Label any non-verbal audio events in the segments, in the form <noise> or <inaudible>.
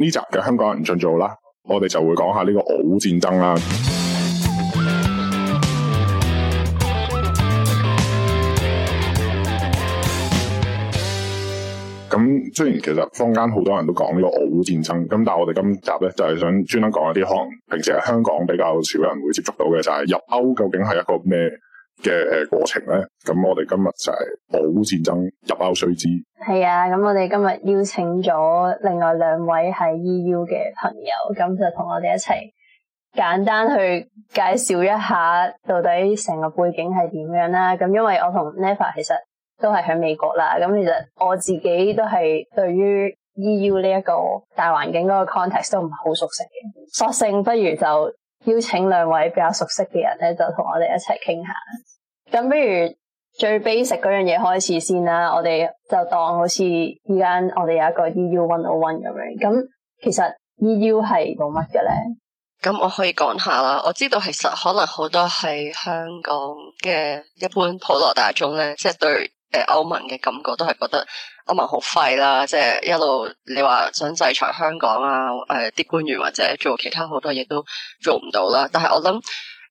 呢集嘅香港人盡做啦，我哋就會講下呢個俄烏戰爭啦。咁雖然其實坊間好多人都講呢個俄烏戰爭，咁但係我哋今集咧就係、是、想專登講一啲可能平時喺香港比較少人會接觸到嘅，就係、是、入歐究竟係一個咩嘅過程咧，咁我哋今日就係俄烏戰爭入歐須知。係啊，咁我哋今日邀請咗另外兩位喺 EU 嘅朋友，咁就同我哋一齊簡單去介紹一下到底成個背景係點樣啦。咁因為我同 Never 其實都係喺美國啦，咁其實我自己都係對於 EU 呢一個大環境嗰個 context 都唔係好熟悉嘅，索性不如就邀請兩位比較熟悉嘅人咧，就同我哋一齊傾下。咁不如最 basic 嗰樣嘢開始先啦，我哋就當好似依家我哋有一個 EU One O One 咁樣。咁其實 EU 係冇乜嘅咧。咁我可以講下啦。我知道其實可能好多係香港嘅一般普羅大眾咧，即係對誒歐盟嘅感覺都係覺得歐盟好廢啦。即係一路你話想制裁香港啊，誒啲官員或者做其他好多嘢都做唔到啦。但係我諗。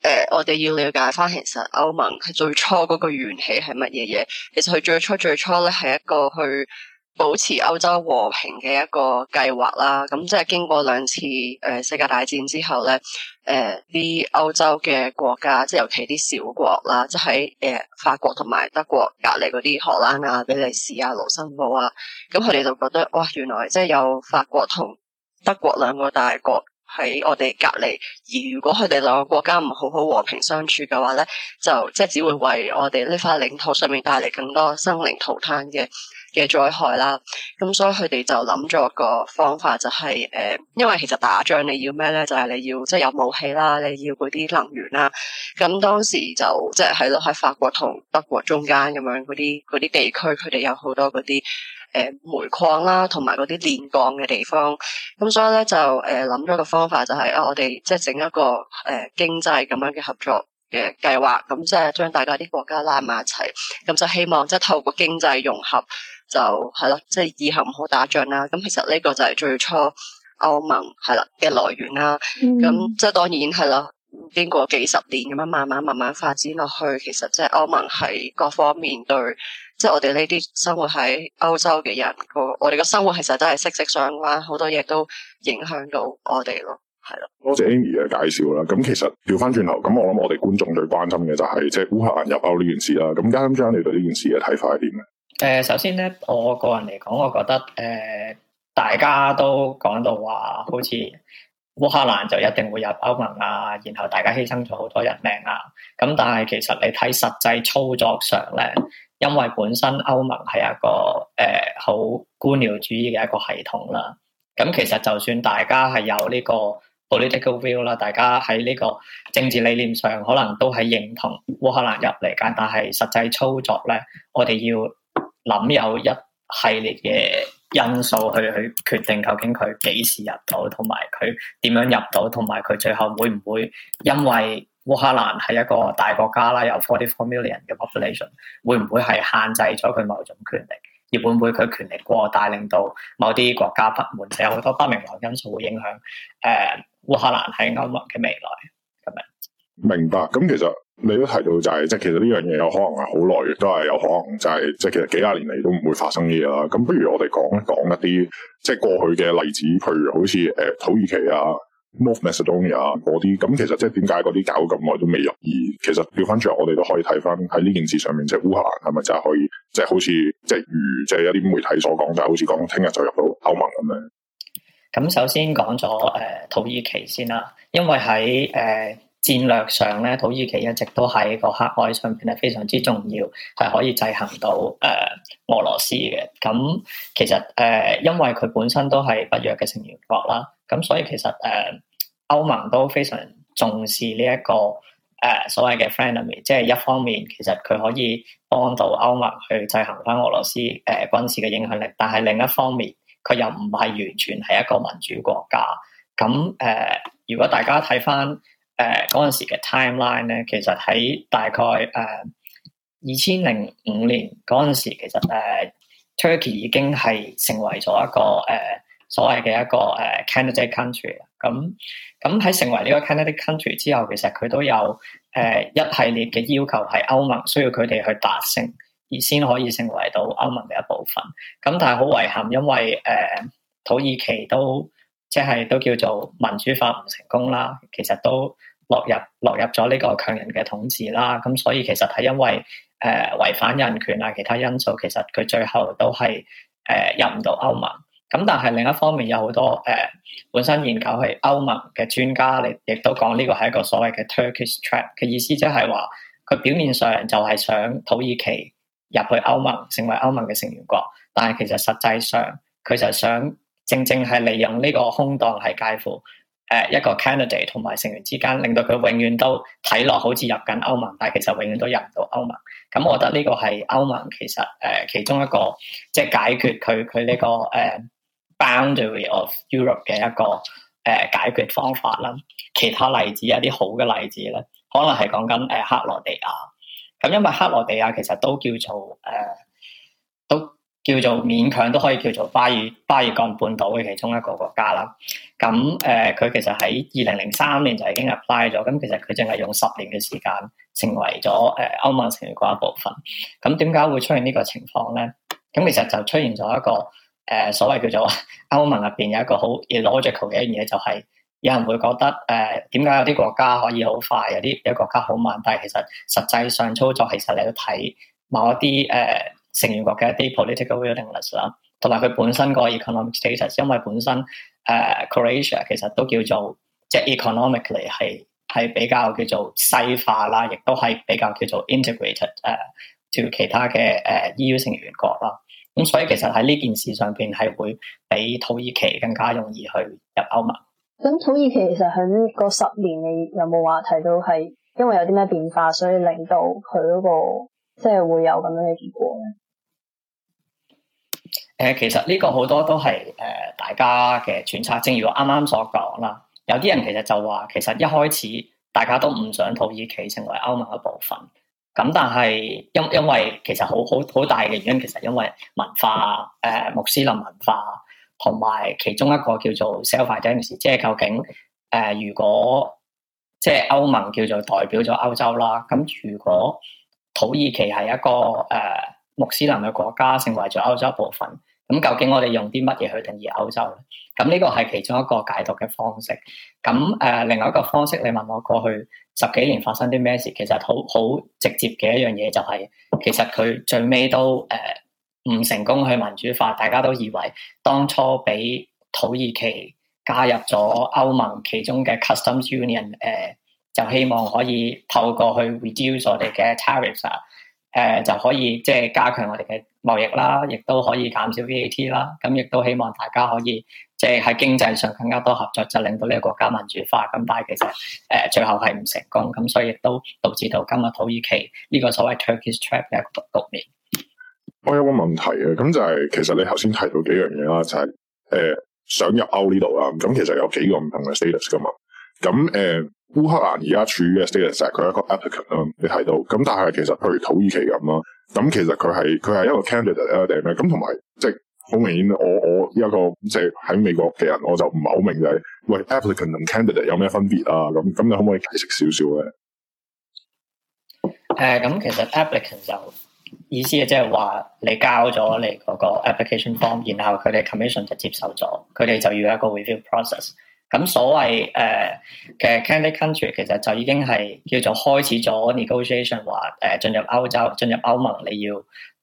誒、呃，我哋要了解翻，其實歐盟佢最初嗰個緣起係乜嘢嘢？其實佢最初最初咧係一個去保持歐洲和平嘅一個計劃啦。咁、嗯、即係經過兩次誒、呃、世界大戰之後咧，誒、呃、啲歐洲嘅國家，即係尤其啲小國啦，即係誒、呃、喺法國同埋德國隔籬嗰啲荷蘭啊、比利時啊、盧森堡啊，咁佢哋就覺得哇，原來即係有法國同德國兩個大國。喺我哋隔籬，而如果佢哋兩個國家唔好好和平相處嘅話呢就即係只會為我哋呢塊領土上面帶嚟更多生靈塗炭嘅嘅災害啦。咁所以佢哋就諗咗個方法、就是，就係誒，因為其實打仗你要咩呢？就係、是、你要即係、就是、有武器啦，你要嗰啲能源啦。咁當時就即係喺咯喺法國同德國中間咁樣嗰啲嗰啲地區，佢哋有好多嗰啲。誒，煤礦啦，同埋嗰啲煉鋼嘅地方，咁、嗯、所以咧就誒諗咗個方法、就是，啊、就係啊我哋即係整一個誒、呃、經濟咁樣嘅合作嘅計劃，咁、嗯、即係將大家啲國家拉埋一齊，咁就希望即係透過經濟融合，就係咯，即、嗯、係、就是、以後唔好打仗啦。咁、嗯嗯、其實呢個就係最初歐盟係啦嘅來源啦。咁即係當然係咯，經過幾十年咁樣慢慢，慢慢慢慢發展落去，其實即係歐盟喺各方面對。即係我哋呢啲生活喺歐洲嘅人，個我哋嘅生活其實都係息息相關，好多嘢都影響到我哋咯，係咯。多謝 Amy 嘅介紹啦。咁其實調翻轉頭，咁我諗我哋觀眾最關心嘅就係即係烏克蘭入歐呢件事啦。咁啱啱將你對呢件事嘅睇法係點咧？誒，首先咧，我個人嚟講，我覺得誒、呃，大家都講到話，好似。烏克蘭就一定會入歐盟啊，然後大家犧牲咗好多人命啊，咁但係其實你睇實際操作上咧，因為本身歐盟係一個誒好、呃、官僚主義嘅一個系統啦，咁其實就算大家係有呢個 political view 啦，大家喺呢個政治理念上可能都係認同烏克蘭入嚟㗎，但係實際操作咧，我哋要諗有一系列嘅。因素去去決定究竟佢幾時入到，同埋佢點樣入到，同埋佢最後會唔會，因為烏克蘭係一個大國家啦，有 forty four million 嘅 population，會唔會係限制咗佢某種權力，而會唔會佢權力過大，令到某啲國家不滿，即係好多不明朗因素會影響誒烏克蘭喺歐盟嘅未來咁樣。明白，咁其實。你都提到就係、是，即係其實呢樣嘢有可能係好耐嘅，都係有可能就係、是，即係其實幾廿年嚟都唔會發生呢嘢啦。咁不如我哋講一講一啲即係過去嘅例子，譬如好似誒土耳其啊、North Macedonia 嗰啲，咁其實即係點解嗰啲搞咁耐都未入？而其實調翻轉，我哋都可以睇翻喺呢件事上面，即係烏克蘭係咪真係可以，就是、即係好似即係如即係一啲媒體所講，就係、是、好似講聽日就入到歐盟咁樣？咁首先講咗誒土耳其先啦，因為喺誒。Uh 戰略上咧，土耳其一直都喺個黑海上面係非常之重要，係可以制衡到誒、呃、俄羅斯嘅。咁其實誒、呃，因為佢本身都係北約嘅成員國啦，咁所以其實誒歐、呃、盟都非常重視呢、這、一個誒、呃、所謂嘅 frenemy，即係一方面其實佢可以幫到歐盟去制衡翻俄羅斯誒、呃、軍事嘅影響力，但係另一方面佢又唔係完全係一個民主國家。咁誒、呃，如果大家睇翻。誒嗰陣時嘅 timeline 咧，其實喺大概誒二千零五年嗰陣時，其實誒、呃、Turkey 已經係成為咗一個誒、呃、所謂嘅一個誒、呃、candidate country 啦。咁咁喺成為呢個 candidate country 之後，其實佢都有誒、呃、一系列嘅要求，係歐盟需要佢哋去達成，而先可以成為到歐盟嘅一部分。咁、嗯、但係好遺憾，因為誒、呃、土耳其都。即係都叫做民主化唔成功啦，其實都落入落入咗呢個強人嘅統治啦。咁所以其實係因為誒、呃、違反人權啊，其他因素，其實佢最後都係誒、呃、入唔到歐盟。咁但係另一方面有好多誒、呃、本身研究係歐盟嘅專家嚟，亦都講呢個係一個所謂嘅 Turkish trap 嘅意思，即係話佢表面上就係想土耳其入去歐盟，成為歐盟嘅成員國，但係其實實際上佢就想。正正係利用呢個空檔，係介乎誒一個 candidate 同埋成員之間，令到佢永遠都睇落好似入緊歐盟，但係其實永遠都入唔到歐盟。咁我覺得呢個係歐盟其實誒、呃、其中一個即係解決佢佢呢個誒、uh, boundary of Europe 嘅一個誒、呃、解決方法啦。其他例子，一啲好嘅例子咧，可能係講緊誒克羅地亞。咁因為克羅地亞其實都叫做誒。呃叫做勉強都可以叫做巴爾巴爾幹半島嘅其中一個國家啦。咁誒，佢、呃、其實喺二零零三年就已經 apply 咗，咁其實佢淨係用十年嘅時間成為咗誒歐盟成員國一部分。咁點解會出現呢個情況咧？咁其實就出現咗一個誒、呃、所謂叫做歐盟入邊有一個好 logical 嘅一樣嘢，就係、是、有人會覺得誒點解有啲國家可以好快，有啲有，有國家好慢，但係其實實際上操作其實你都睇某一啲誒。呃成員國嘅一啲 political willingness 啦，同埋佢本身個 economic status，因為本身誒、uh, Croatia 其實都叫做即、就是、economically a l 係係比較叫做西化啦，亦都係比較叫做 integrated 誒、uh,，朝其他嘅誒、uh, EU 成員國啦。咁所以其實喺呢件事上邊係會比土耳其更加容易去入歐盟。咁土耳其其實喺個十年，你有冇話提到係因為有啲咩變化，所以令到佢嗰、那個即係、就是、會有咁樣嘅結果咧？誒、呃，其實呢個好多都係誒、呃、大家嘅揣測，正如我啱啱所講啦。有啲人其實就話，其實一開始大家都唔想土耳其成為歐盟一部分。咁但係因為因為其實好好好大嘅原因，其實因為文化誒、呃、穆斯林文化同埋其中一個叫做 self-identity，即係究竟誒、呃、如果、呃、即係歐盟叫做代表咗歐洲啦，咁如果土耳其係一個誒。呃穆斯林嘅國家成為咗歐洲一部分，咁究竟我哋用啲乜嘢去定義歐洲咧？咁呢個係其中一個解讀嘅方式。咁誒、呃，另外一個方式，你問我過去十幾年發生啲咩事，其實好好直接嘅一樣嘢就係、是，其實佢最尾都誒唔、呃、成功去民主化，大家都以為當初俾土耳其加入咗歐盟其中嘅 Customs Union，誒、呃、就希望可以透過去 reduce 我哋嘅 tariffs，啊。誒、呃，就可以即係加強我哋嘅貿易啦，亦都可以減少 VAT 啦。咁、嗯、亦都希望大家可以即係喺經濟上更加多合作，就令到呢個國家民主化。咁但係其實誒、呃，最後係唔成功，咁、嗯、所以亦都導致到今日土耳其呢、這個所謂 Turkish Trap 嘅局面。我有個問題嘅，咁就係、是、其實你頭先提到幾樣嘢啦，就係、是、誒、呃、想入歐呢度啊，咁其實有幾個唔同嘅 status 噶嘛，咁誒。呃烏克蘭而家處於嘅 status 係佢一個 applicant 啦，你睇到咁，但係其實譬如土耳其咁啦，咁其實佢係佢係一個 candidate 啦定咩？咁同埋即係好明顯，我我呢一個即係喺美國嘅人，我就唔係好明白就係、是、喂 applicant 同 candidate 有咩分別啊？咁咁你可唔可以解釋少少咧？誒、呃，咁其實 applicant 就意思啊，即係話你交咗你嗰個 application form，然後佢哋 commission 就接受咗，佢哋就要一個 review process。咁所謂誒嘅 Candidate Country 其實就已經係叫做開始咗 negotiation 話誒進入歐洲，進入歐盟，你要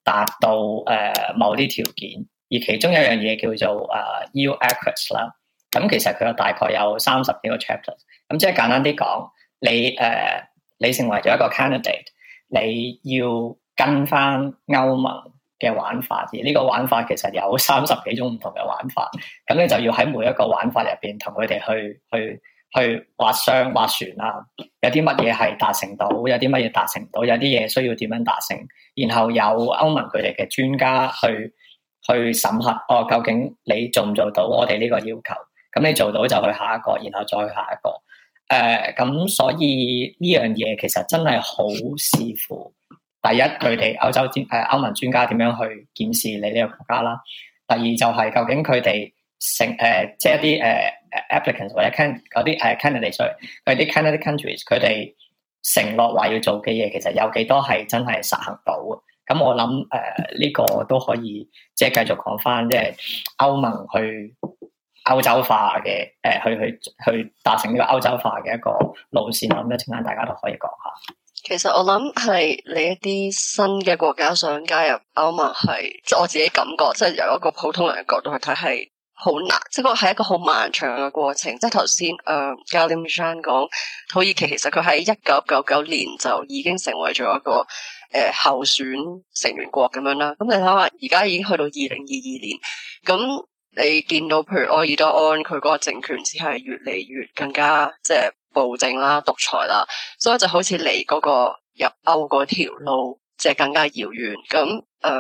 達到誒某啲條件，而其中一樣嘢叫做誒 EU Access 啦。咁、啊、其實佢有大概有三十幾個 chapter。咁即係簡單啲講，你誒、呃、你成為咗一個 Candidate，你要跟翻歐盟。嘅玩法，而呢個玩法其實有三十幾種唔同嘅玩法，咁你就要喺每一個玩法入邊同佢哋去去去劃箱劃船啦。有啲乜嘢係達成到，有啲乜嘢達成唔到，有啲嘢需要點樣達成，然後有歐盟佢哋嘅專家去去審核哦，究竟你做唔做到我哋呢個要求？咁你做到就去下一個，然後再去下一個。誒、呃，咁所以呢樣嘢其實真係好視乎。第一，佢哋歐洲專誒歐盟專家點樣去檢視你呢個國家啦；第二就係究竟佢哋承誒，即係一啲誒、呃、applicants 或者 candidate 誒 candidate 類嗰啲 candidates 佢哋承諾話要做嘅嘢，其實有幾多係真係實行到啊？咁我諗誒呢個都可以即係繼續講翻，即係歐盟去歐洲化嘅誒、呃，去去去達成呢個歐洲化嘅一個路線。我諗一陣間大家都可以講下。其實我諗係你一啲新嘅國家想加入歐盟，係即係我自己感覺，即係由一個普通人嘅角度去睇，係好難，即係個係一個好漫長嘅過程。即係頭先誒，加里穆山講土耳其，其實佢喺一九九九年就已經成為咗一個誒、呃、候選成員國咁樣啦。咁你睇下，而家已經去到二零二二年，咁你見到譬如埃爾多安佢個政權，只係越嚟越更加即係。暴政啦、獨裁啦，所以就好似離嗰個入歐嗰條路，即係更加遙遠。咁誒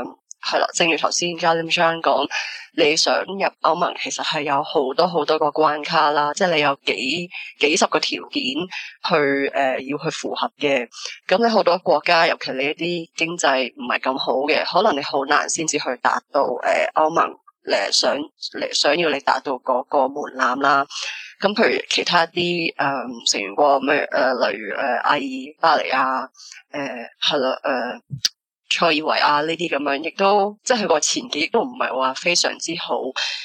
係啦，正如頭先嘉 a m 講，你想入歐盟其實係有好多好多個關卡啦，即係你有幾幾十個條件去誒、呃、要去符合嘅。咁你好多國家，尤其你一啲經濟唔係咁好嘅，可能你好難先至去達到誒、呃、歐盟咧、呃、想、呃、想要你達到嗰、那個那個門檻啦。咁譬如其他啲誒成員國，咩誒例如誒阿爾巴尼亞、誒係咯、誒塞爾維亞呢啲咁樣，亦都即係佢個前景都唔係話非常之好。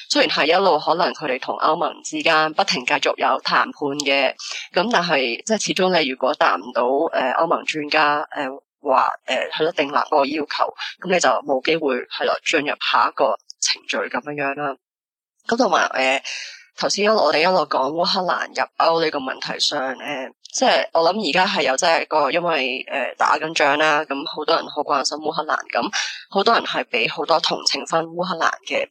雖然係一路可能佢哋同歐盟之間不停繼續有談判嘅，咁但係即係始終你如果達唔到誒歐盟專家誒話誒係一定立個要求，咁你就冇機會係咯進入下一個程序咁樣樣啦。咁同埋誒。頭先我哋一路講烏克蘭入歐呢個問題上咧。即係我諗而家係有真係個因為誒、呃、打緊仗啦，咁、嗯、好多人好關心烏克蘭，咁、嗯、好多人係俾好多同情翻烏克蘭嘅。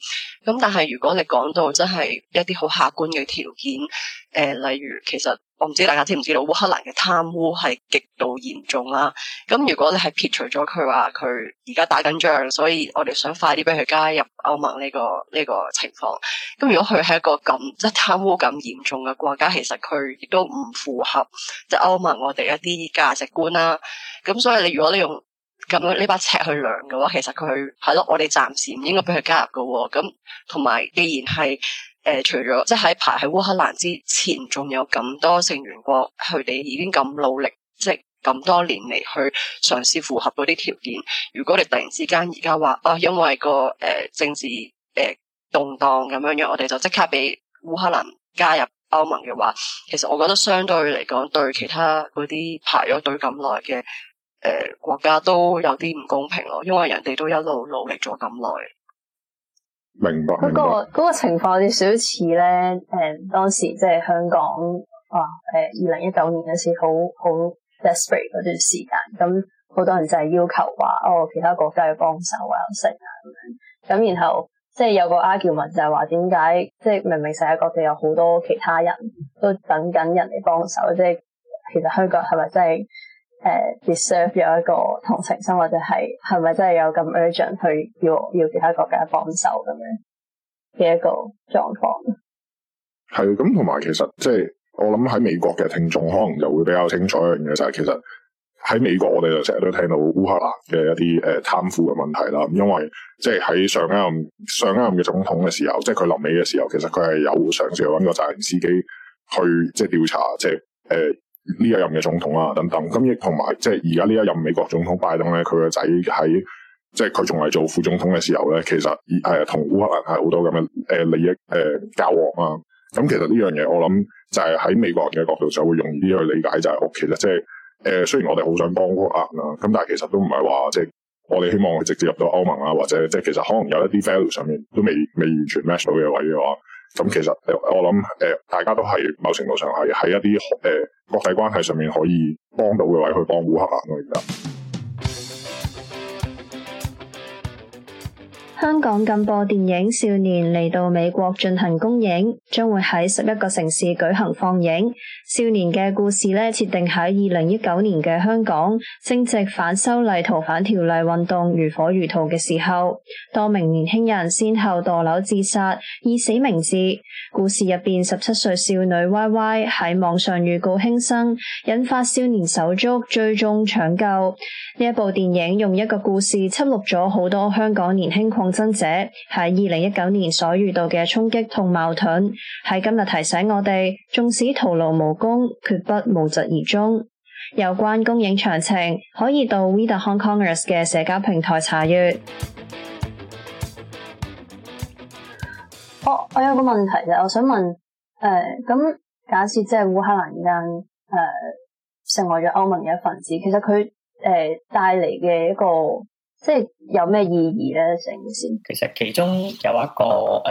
咁、嗯、但係如果你講到真係一啲好客觀嘅條件，誒、呃，例如其實我唔知大家知唔知道烏克蘭嘅貪污係極度嚴重啦。咁、嗯、如果你係撇除咗佢話佢而家打緊仗，所以我哋想快啲俾佢加入歐盟呢、呢個呢、呢個情況。咁、嗯、如果佢係一個咁即係貪污咁嚴重嘅國家，其實佢亦都唔符合。即歐盟我哋一啲價值觀啦、啊，咁所以你如果你用咁樣呢把尺去量嘅話，其實佢係咯，我哋暫時唔應該俾佢加入嘅、哦。咁同埋，既然係誒、呃、除咗即喺排喺烏克蘭之前，仲有咁多成員國，佢哋已經咁努力，即咁多年嚟去嘗試符合嗰啲條件。如果你突然之間而家話啊，因為個誒、呃、政治誒、呃、動盪咁樣樣，我哋就即刻俾烏克蘭加入。歐盟嘅話，其實我覺得相對嚟講，對其他嗰啲排咗隊咁耐嘅誒國家都有啲唔公平咯，因為人哋都一路努力咗咁耐。明白。嗰、嗰個、嗰個情況有少少似咧，誒，當時即係香港啊，誒，二零一九年嗰時好好 desperate 嗰段時間，咁好多人就係要求話，哦，其他國家要幫手啊，成啊咁樣，咁然後。即係有個 argument 就係話點解，即係明明世界各地有好多其他人都等緊人嚟幫手，即係其實香港係咪真係誒、呃、deserve 有一個同情心，或者係係咪真係有咁 urgent 去要要其他國家幫手咁樣嘅一個狀況？係咁，同埋其實即係、就是、我諗喺美國嘅聽眾可能就會比較清楚一樣嘢就係其實。喺美國，我哋就成日都聽到烏克蘭嘅一啲誒貪腐嘅問題啦。因為即係喺上一任上一任嘅總統嘅時候，即係佢臨尾嘅時候，其實佢係有嘗試揾個責任司機去即係調查，即係誒呢一任嘅總統啦、啊、等等。咁亦同埋即係而家呢一任美國總統拜登咧，佢個仔喺即係佢仲係做副總統嘅時候咧，其實係同烏克蘭係好多咁嘅誒利益誒、呃、交往啊。咁其實呢樣嘢，我諗就係喺美國人嘅角度就會容易啲去理解就係，其實即係。即誒、呃，雖然我哋好想幫烏克蘭啦，咁但係其實都唔係話即係我哋希望佢直接入到歐盟啊，或者即係其實可能有一啲 value 上面都未未完全 match 到嘅位嘅話，咁其實、呃、我諗誒、呃，大家都係某程度上係喺一啲誒、呃、國際關係上面可以幫到嘅位去幫烏克蘭咯。香港禁播電影《少年》嚟到美國進行公映，將會喺十一個城市舉行放映。《少年》嘅故事呢，設定喺二零一九年嘅香港，正值反修例逃犯條例運動如火如荼嘅時候，多名年輕人先後墮樓自殺，以死明志。故事入邊，十七歲少女 Y Y 喺網上預告輕生，引發少年手足追蹤搶救。呢一部電影用一個故事，輯錄咗好多香港年輕抗爭者喺二零一九年所遇到嘅衝擊同矛盾，喺今日提醒我哋，縱使徒勞無功，絕不無疾而終。有關公映詳情，可以到 We The Hong Kongers 嘅社交平台查閱。我、哦、我有個問題嘅，我想問，誒，咁、呃、假設即係烏克蘭人誒、呃、成為咗歐盟嘅一份子，其實佢誒、呃、帶嚟嘅一個。即係有咩意義呢？成件事其實其中有一個誒誒，E、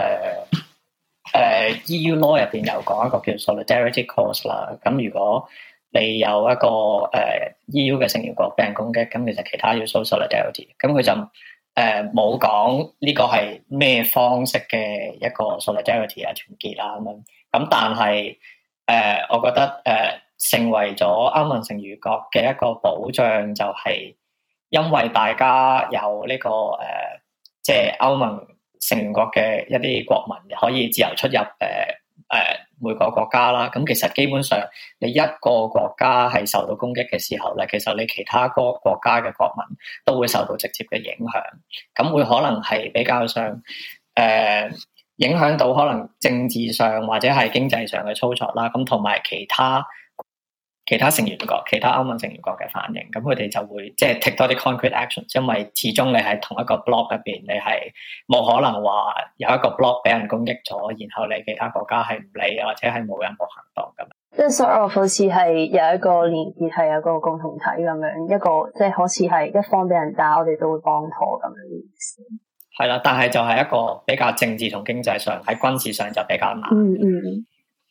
呃呃、U law 入邊有講一個叫 solidarity cause 啦。咁如果你有一個誒 E U 嘅成員國俾人攻擊，咁其實其他要 s solidarity。咁佢就誒冇講呢個係咩方式嘅一個 solidarity 啊團結啊咁樣。咁但係誒、呃，我覺得誒、呃、成為咗歐盟成員國嘅一個保障就係、是。因為大家有呢、這個誒，即係歐盟成員國嘅一啲國民可以自由出入誒誒、呃、每個國家啦。咁、嗯、其實基本上，你一個國家係受到攻擊嘅時候咧，其實你其他國國,國家嘅國民都會受到直接嘅影響，咁、嗯、會可能係比較上誒、呃、影響到可能政治上或者係經濟上嘅操作啦。咁同埋其他。其他成員國、其他歐盟成員國嘅反應，咁佢哋就會即係 take 多啲 concrete action，因為始終你喺同一個 block 入邊，你係冇可能話有一個 block 俾人攻擊咗，然後你其他國家係唔理，或者係冇任何行動咁。即係 sort of 好似係有一個連結，係有個共同體咁樣，一個即係好似係一方俾人打，我哋都會幫妥咁樣嘅意思。係啦，但係就係一個比較政治同經濟上，喺軍事上就比較難，嗯。嗯嗯。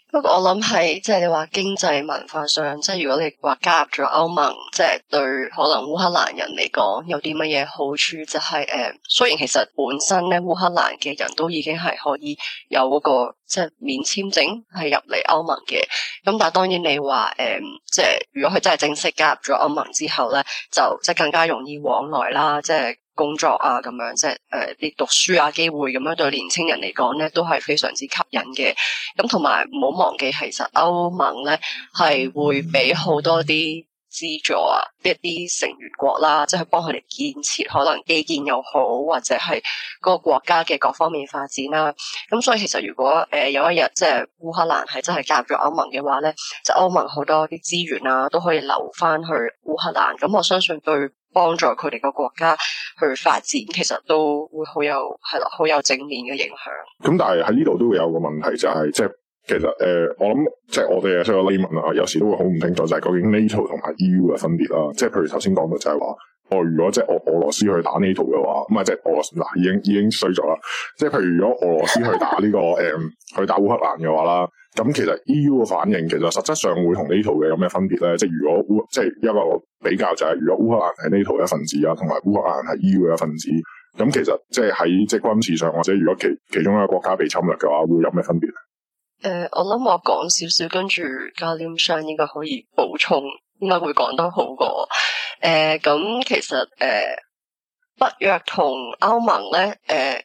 不過我諗係即係你話經濟文化上，即係如果你話加入咗歐盟，即係對可能烏克蘭人嚟講有啲乜嘢好處，就係誒，雖然其實本身咧烏克蘭嘅人都已經係可以有嗰個即係免簽證係入嚟歐盟嘅，咁但係當然你話誒，即係如果佢真係正式加入咗歐盟之後咧，就即係更加容易往來啦，即係。工作啊，咁樣即係誒啲讀書啊機會咁樣對年青人嚟講咧，都係非常之吸引嘅。咁同埋唔好忘記，其實歐盟咧係會俾好多啲資助啊，一啲成員國啦，即係幫佢哋建設，可能基建又好，或者係個國家嘅各方面發展啦。咁、嗯、所以其實如果誒、呃、有一日即係烏克蘭係真係加入歐盟嘅話咧，就係、是、歐盟好多啲資源啊都可以留翻去烏克蘭。咁、嗯、我相信對，幫助佢哋個國家去發展，其實都會好有係啦，好有正面嘅影響。咁、嗯、但係喺呢度都會有個問題，就係、是、即係其實誒、呃，我諗即係我哋啊，需要提問啦。有時都會好唔清楚，就係、是、究竟 NATO 同埋 EU 嘅分別啦。即係譬如頭先講到就係話，我、呃、如果即係俄俄羅斯去打 NATO 嘅話，唔係即係俄羅斯，已經已經衰咗啦。即係譬如如果俄羅斯去打呢、這個誒， <laughs> 去打烏克蘭嘅話啦。咁其實 EU 嘅反應其實實質上會同呢套嘅有咩分別咧？即係如果烏即係一個我比較就係如果烏克蘭係呢套嘅一份子啊，同埋烏克蘭係 EU 嘅一份子。咁其實即係喺即係軍事上或者如果其其中一個國家被侵略嘅話，會有咩分別呢？誒、呃，我諗我講少少，跟住加廉相應該可以補充，應該會講得好過。誒、呃，咁其實誒，北約同歐盟咧，誒、呃，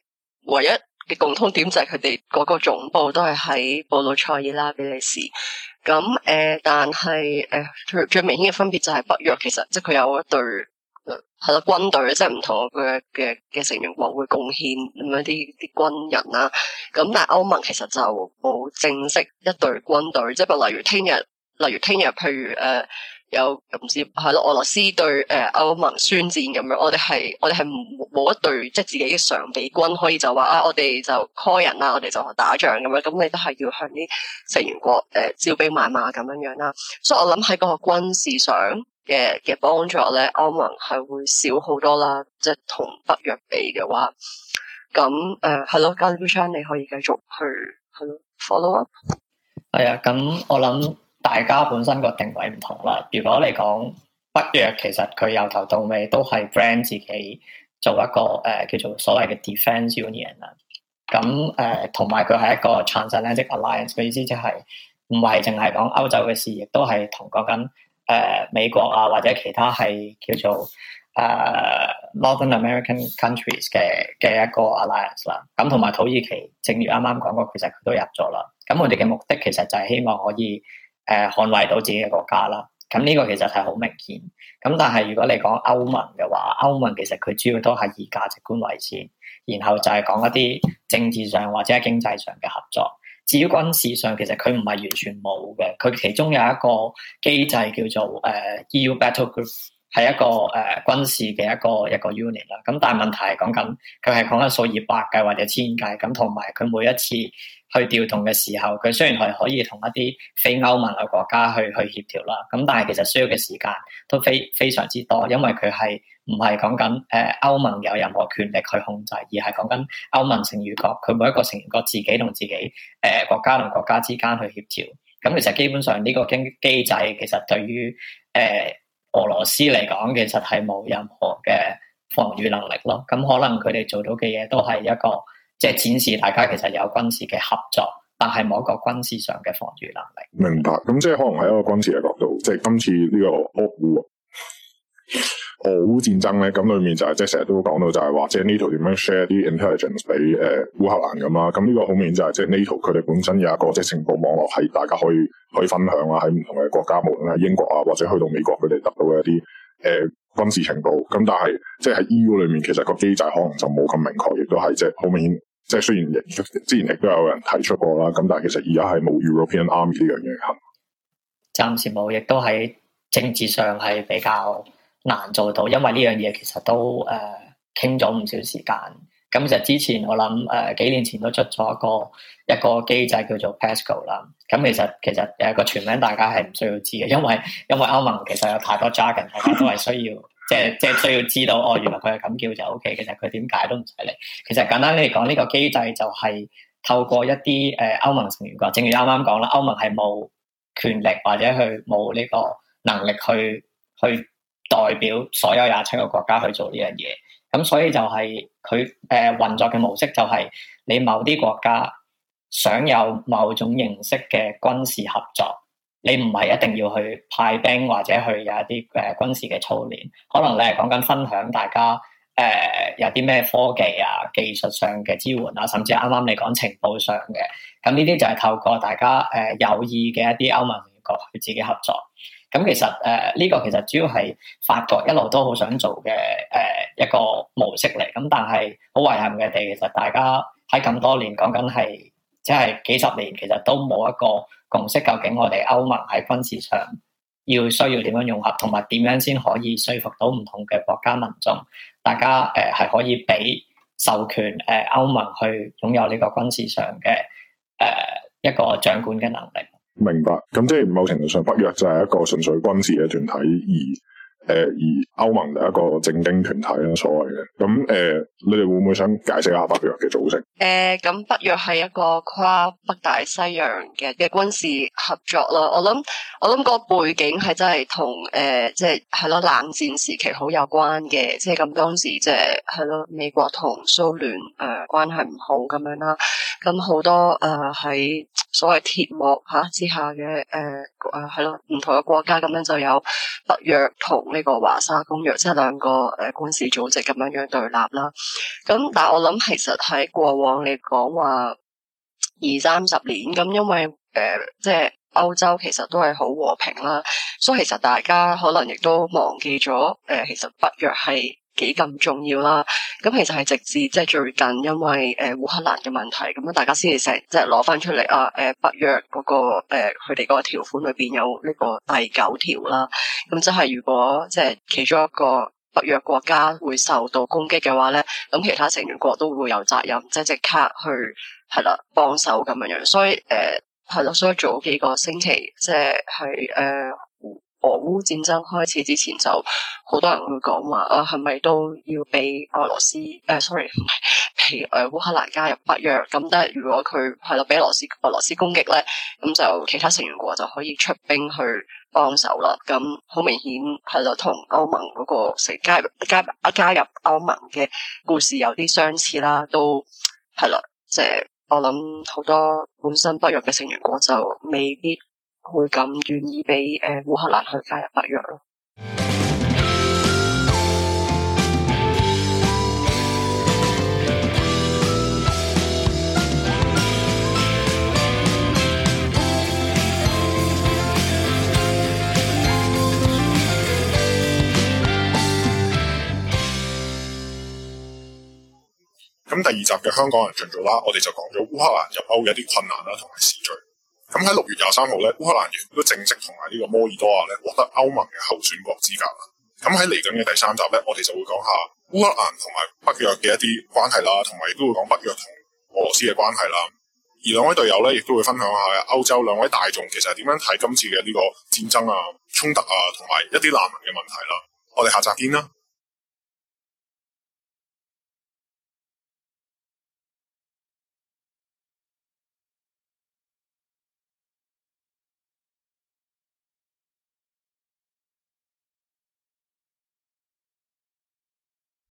唯一。共通點就係佢哋嗰個總部都係喺布魯塞爾拉比利時，咁誒、呃，但係誒、呃、最最明顯嘅分別就係北約，其實即係佢有一隊係咯、呃、軍隊，即係唔同嘅嘅嘅成員國會貢獻咁樣啲啲軍人啦。咁、啊、但係歐盟其實就冇正式一隊軍隊，即、就、係、是、例如聽日，例如聽日，譬如誒。呃有唔知係咯？俄羅斯對誒、呃、歐盟宣戰咁樣，我哋係我哋係冇一隊即係、就是、自己嘅常備軍，可以就話啊，我哋就 call 人啊，我哋就打仗咁樣，咁你都係要向啲成員國誒、呃、招兵買馬咁樣樣啦。所以我諗喺嗰個軍事上嘅嘅幫助咧，歐盟係會少好多啦，即係同北約比嘅話。咁誒係咯 j u s 你可以繼續去去 follow up、哎。係啊，咁我諗。大家本身個定位唔同啦。如果嚟講，北約其實佢由頭到尾都係 brand 自己做一個誒、呃、叫做所謂嘅 defense union 啦。咁誒同埋佢係一個 transatlantic alliance 嘅意思、就係，即係唔係淨係講歐洲嘅事，亦都係同講緊誒美國啊或者其他係叫做誒、呃、Northern American countries 嘅嘅一個 alliance 啦。咁同埋土耳其，正如啱啱講過，其實佢都入咗啦。咁我哋嘅目的其實就係希望可以。誒，捍衛到自己嘅國家啦，咁、這、呢個其實係好明顯。咁但係如果你講歐盟嘅話，歐盟其實佢主要都係以價值觀為先，然後就係講一啲政治上或者係經濟上嘅合作。至於軍事上，其實佢唔係完全冇嘅，佢其中有一個機制叫做誒、e、EU Battle Group，係一個誒軍事嘅一個一個 unit 啦。咁但係問題係講緊佢係講緊數以百計或者千計咁，同埋佢每一次。去調動嘅時候，佢雖然係可以同一啲非歐盟嘅國家去去協調啦，咁但係其實需要嘅時間都非非常之多，因為佢係唔係講緊誒歐盟有任何權力去控制，而係講緊歐盟成員國佢每一個成員國自己同自己誒國家同國家之間去協調。咁其實基本上呢個經機制其實對於誒俄羅斯嚟講，其實係冇任何嘅防禦能力囉。咁可能佢哋做到嘅嘢都係一個。即係展示大家其實有軍事嘅合作，但係冇一個軍事上嘅防禦能力。明白，咁即係可能喺一個軍事嘅角度，即係今次呢個俄烏俄烏戰爭咧，咁裏面就係、是、即係成日都講到就係話，即係 NATO 點樣 share 啲 intelligence 俾誒烏克蘭咁啊？咁呢個好明顯就係、是、即係 NATO 佢哋本身有一個即係情報網絡，係大家可以可以分享啊，喺唔同嘅國家，無論係英國啊，或者去到美國，佢哋得到嘅一啲誒、呃、軍事情報。咁但係即係喺 EU 裏面，其實個機制可能就冇咁明確，亦都係即係好明顯。即係雖然之前亦都有人提出過啦，咁但係其實而家係冇 European Army 呢樣嘢行，暫時冇，亦都喺政治上係比較難做到，因為呢樣嘢其實都誒傾咗唔少時間。咁、嗯、其實之前我諗誒、呃、幾年前都出咗個一個機制叫做 PESCO 啦。咁、嗯、其實其實有個全名大家係唔需要知嘅，因為因為歐盟其實有太多 jargon，大家都係需要。 <laughs> 即係即需要知道哦，原來佢係咁叫就 OK。其實佢點解都唔使理。其實簡單啲嚟講，呢個機制就係透過一啲誒歐盟成員國，正如啱啱講啦，歐盟係冇權力或者去冇呢個能力去去代表所有廿七個國家去做呢樣嘢。咁所以就係佢誒運作嘅模式就係你某啲國家想有某種形式嘅軍事合作。你唔係一定要去派兵或者去有一啲誒、呃、軍事嘅操練，可能你係講緊分享大家誒、呃、有啲咩科技啊、技術上嘅支援啊，甚至啱啱你講情報上嘅，咁呢啲就係透過大家誒、呃、有意嘅一啲歐盟國去自己合作。咁其實誒呢、呃呢個其實主要係法國一路都好想做嘅誒、呃、一個模式嚟。咁但係好遺憾嘅地，其實大家喺咁多年講緊係即係幾十年，其實都冇一個共識，究竟我哋歐盟喺軍事上要需要點樣融合，同埋點樣先可以說服到唔同嘅國家民眾，大家誒係、呃、可以俾授權誒、呃、歐盟去擁有呢個軍事上嘅誒、呃、一個掌管嘅能力。明白，咁即係某程度上，北約就係一個純粹軍事嘅團體而。誒，而歐盟就係一個政經團體啦，所謂嘅，咁、呃、誒，你哋會唔會想解釋下北約嘅組成？誒、呃，咁北約係一個跨北大西洋嘅嘅軍事合作咯，我諗我諗個背景係真係同誒，即係係咯冷戰時期好有關嘅，即係咁當時即係係咯美國同蘇聯誒關係唔好咁樣啦，咁好多誒喺。呃所謂鐵幕吓之下嘅，誒誒係咯，唔同嘅國家咁樣就有北約同呢個華沙公約，即係兩個誒軍事組織咁樣樣對立啦。咁但係我諗，其實喺過往嚟講話二三十年咁，因為誒、呃、即係歐洲其實都係好和平啦，所以其實大家可能亦都忘記咗誒、呃，其實北約係。幾咁重要啦，咁其實係直至即係最近，因為誒烏克蘭嘅問題，咁樣大家先至成即係攞翻出嚟啊。誒，北約嗰個誒佢哋嗰個條款裏邊有呢個第九條啦，咁即係如果即係其中一個北約國家會受到攻擊嘅話咧，咁其他成員國都會有責任，即係即刻去係啦幫手咁樣樣，所以誒係咯，所以早幾個星期即係係誒。呃俄烏戰爭開始之前就好多人會講話啊，係咪都要俾俄羅斯誒、呃、，sorry，唔係譬如烏克蘭加入北約咁？但係如果佢係咯，俾俄羅斯俄羅斯攻擊咧，咁就其他成員國就可以出兵去幫手啦。咁好明顯係咯，同歐盟嗰，那個成加，加，加入加加入歐盟嘅故事有啲相似啦。都係咯，即係，就是，我諗好多本身北約嘅成員國就未必。會咁願意俾誒烏克蘭去加入北約咯？咁第二集嘅香港人盡做啦，我哋就講咗烏克蘭入歐嘅一啲困難啦，同埋時序。咁喺六月廿三號咧，烏克蘭亦都正式同埋呢個摩爾多亞咧獲得歐盟嘅候選國資格。咁喺嚟緊嘅第三集呢，我哋就會講下烏克蘭同埋北約嘅一啲關係啦，同埋亦都會講北約同俄羅斯嘅關係啦。而兩位隊友呢，亦都會分享下歐洲兩位大眾其實點樣睇今次嘅呢個戰爭啊、衝突啊，同埋一啲難民嘅問題啦。我哋下集見啦。